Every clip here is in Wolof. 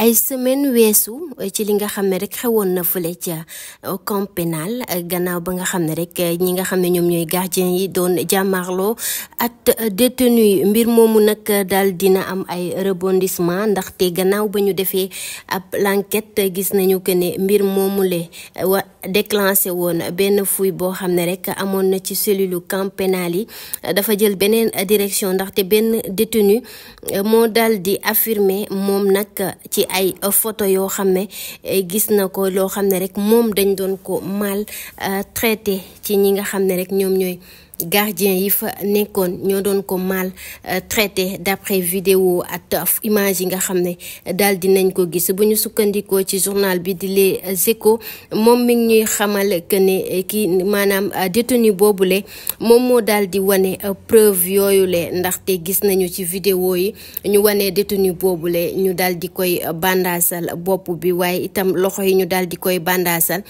ay semaine weesu eh, ci li nga xam ne rek xewoon na fële ca eh, camp pénal eh, gannaaw ba nga xam ne rek ñi nga xam ne ñoom ñooy gardien yi doon jàmmaarloo at détenu mbir moomu nag daal dina am ay rebondissement ndaxte gannaaw ba ñu defee ab l'enquête gis nañu que ne mbir moomu le wa déclenché woon benn fuy boo xam ne rek amoon na ci cellule camp pénal yi dafa jël beneen direction ndaxte benn détenu moo daal di affirmer moom nag ci ay photo yoo xam ne eh, gis na ko loo xam ne rek moom dañ doon ko mal eh, traité ci ñi nga xam ne rek ñoom ñooy gardien yi fa nekkoon ñoo doon ko mal euh, traité d'après vidéo at image yi nga xam ne daal nañ ko gis bu ñu sukkandikoo ci journal bi di Les Échos moom mi ñuy xamal que ne kii maanaam euh, détenu boobule moom moo daal di wane euh, preuve yooyule ndaxte gis nañu ci vidéo yi ñu wane détenu boobule ñu daal di koy bandaasal bopp bi waaye itam loxo yi ñu daal di koy bandaasal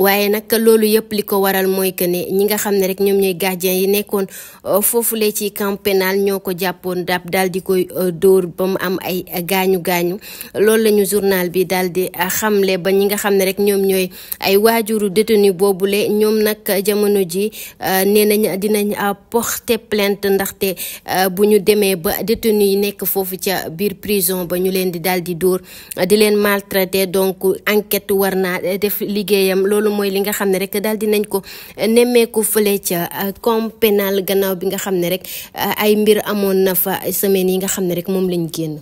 waaye nag loolu yëpp li ko waral mooy que ñi nga xam ne rek ñoom ñooy gardien yi nekkoon euh, foofulee ci camp pénal ñoo ko jàppoon dab daal di koy euh, dóor ba mu am ay gaañu gaañu loolu la ñu journal bi daal di euh, xamle ba ñi nga xam ne rek ñoom ñooy ay waajuru boobu boobule ñoom nag jamono ji nee nañ dinañ porter plainte ndaxte bu ñu demee ba détenu yi nekk foofu ca biir prison ba ñu leen di daal di dóor di leen maltraité donc enquête war naa def liggéeyam loolu mooy li nga xam ne rek daal dinañ ko nemmeeku fële ca champ pénal gannaaw bi nga xam ne rek euh, ay mbir amoon na fa semaines yi nga xam ne rek moom lañ génn